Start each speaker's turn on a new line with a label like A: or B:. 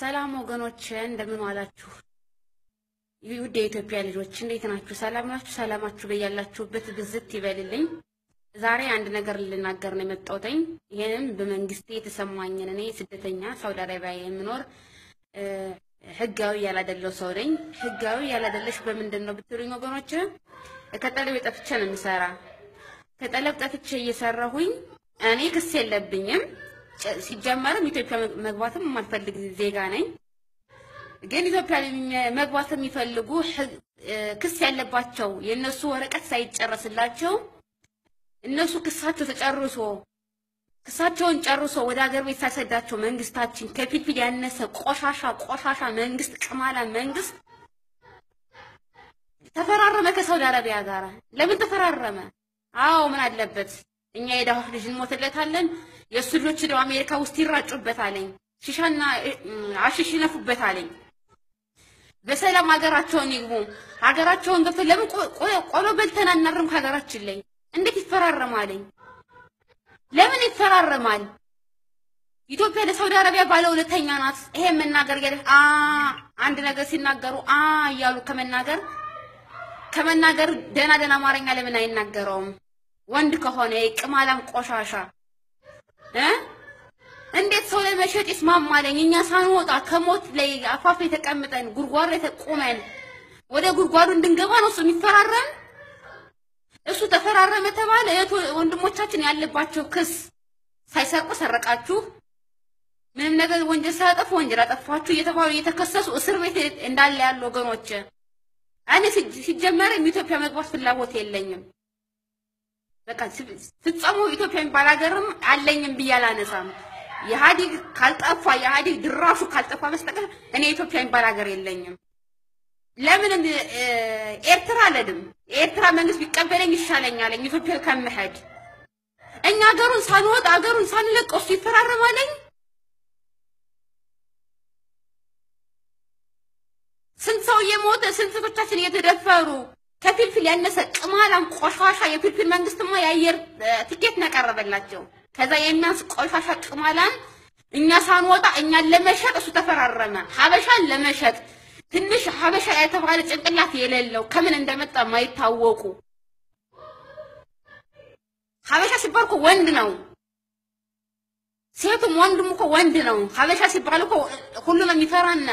A: ሰላም ወገኖች እንደምን ዋላችሁ? ውድ የኢትዮጵያ ልጆች እንዴት ናችሁ? ሰላም ናችሁ? ሰላማችሁ በያላችሁበት ብዝት ይበልልኝ። ዛሬ አንድ ነገር ልናገር ነው የመጣሁትኝ። ይህንም በመንግስቴ የተሰማኝን እኔ ስደተኛ ሳውዲ አረቢያ የምኖር ህጋዊ ያላደለው ሰው ነኝ። ህጋዊ ያላደለሽ በምንድን ነው ብትሉኝ ወገኖች ከጠለብ ጠፍቼ ነው የምሰራ። ከጠለብ ጠፍቼ እየሰራሁኝ እኔ ክስ የለብኝም ሲጀመርም ኢትዮጵያ መግባትም የማልፈልግ ዜጋ ነኝ። ግን ኢትዮጵያ መግባት የሚፈልጉ ክስ ያለባቸው የእነሱ ወረቀት ሳይጨረስላቸው እነሱ ክሳቸው ተጨርሶ ክሳቸውን ጨርሶ ወደ ሀገር ቤት ሳይሰዳቸው መንግስታችን ከፊልፊል ያነሰ ቆሻሻ ቆሻሻ መንግስት ቅማላ መንግስት ተፈራረመ ከሳውዲ አረቢያ ጋር። ለምን ተፈራረመ? አዎ ምን አለበት እኛ የዳዋ ልጅ እንሞትለታለን። የእሱ ልጆች ደው አሜሪካ ውስጥ አለኝ። ሽሻና አሽሽ አለኝ። በሰላም ሀገራቸውን ይግቡ። ሀገራቸውን ገብተው ለምን ቆሎ በልተን አናርም ከሀገራችን ላይ እንዴት ይፈራረማለኝ? ለምን ይፈራረማል? ኢትዮጵያ ለሳውዲ አረቢያ ባለ ሁለተኛ ናት። ይሄ መናገር ያለ አ አንድ ነገር ሲናገሩ አ እያሉ ከመናገር ከመናገር ደህና ደህና አማርኛ ለምን አይናገረውም? ወንድ ከሆነ የቅማላም ቆሻሻ እ እንዴት ሰው ለመሸጥ ይስማማለኝ? እኛ ሳንወጣ ከሞት ላይ አፋፍ የተቀምጠን ጉድጓድ ላይ ወደ ጉድጓዱ እንድንገባ ነው እሱ የሚፈራረም። እሱ ተፈራረመ ተባለ። እህት ወንድሞቻችን ያለባቸው ክስ ሳይሰርቁ ሰረቃችሁ፣ ምንም ነገር ወንጀል ሳያጠፉ ወንጀል አጠፋችሁ እየተባሉ እየተከሰሱ እስር ቤት እንዳለ ያሉ ወገኖች፣ እኔ ሲጀመርም ኢትዮጵያ መግባት ፍላጎት የለኝም። በቃ ፍጸሙ ኢትዮጵያ የሚባል ሀገርም አለኝም ብዬ አላነሳም። ኢህአዴግ ካልጠፋ ኢህአዴግ ድራሹ ካልጠፋ መስጠቀር እኔ ኢትዮጵያ የሚባል ሀገር የለኝም። ለምን ኤርትራ አልሄድም? ኤርትራ መንግስት ቢቀበለኝ ይሻለኛለኝ ኢትዮጵያ ከምሄድ እኛ ሀገሩን ሳንወጥ ሀገሩን ሳንለቅ እሱ ይፈራረማለኝ። ስንት ሰው እየሞተ ስንት ሴቶቻችን እየተደፈሩ ከፊልፊል ያነሰ ቅማላም ቆሻሻ የፍልፍል መንግስትማ የአየር ትኬት ነው ከዛ የሚያንስ ቆሻሻ ቅማላም እኛ ሳንወጣ እኛን ለመሸጥ እሱ ተፈራረመ። ሀበሻን ለመሸጥ ትንሽ ሀበሻ የተባለ ጭንቅላት የሌለው ከምን እንደመጣ ማይታወቁ ሀበሻ ሲባል እኮ ወንድ ነው። ሴቱም ወንድም እኮ ወንድ ነው። ሀበሻ ሲባል እኮ ሁሉም የሚፈራና